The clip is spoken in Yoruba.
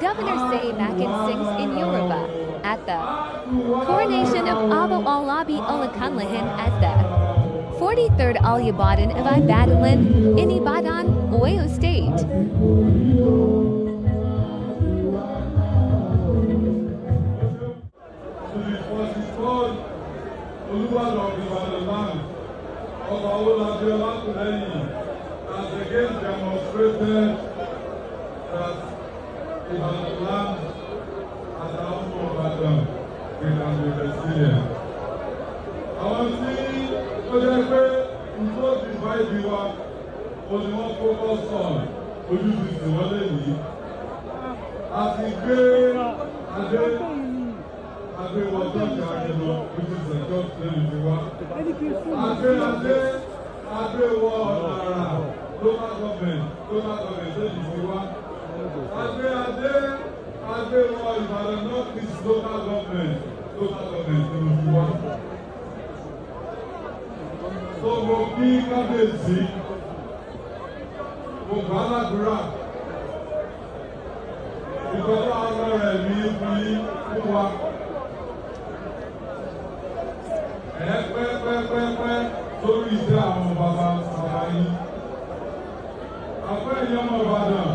Governor Say Makin sings in Yoruba at the coronation of Abu Alabi Olakanlahin at the 43rd Al of Ibadan in Ibadan, Oyo State. demonstrated that Islam and also Ramadan ìlànà ìrẹsílẹ̀. Àwọn tí ó jẹ́ pé ìjọ ti bá ibi wa, ó ní wọ́n focus on ojútùú ìwọlé yìí. A ti gbé adé adé wọjọ́ ìjà àjẹmọ́ ojútùú ìjọ lẹ́nu ti wá. Adé adé adé wọ ọ̀nà àrà local government local government lẹ́nu ti wá of Ibadan, not this local government, local government ló fi wá. So mo bí kábíyèsí, mo bá ládùúrà, ìtọ́jú àwọn rẹ̀ mi fi fún wa. Ẹ pẹ́ pẹ́ pẹ́ pẹ́ lórí ìdí àwọn bàbá bàbá yìí. Àpẹ́ ìyá ọmọ Ìbàdàn.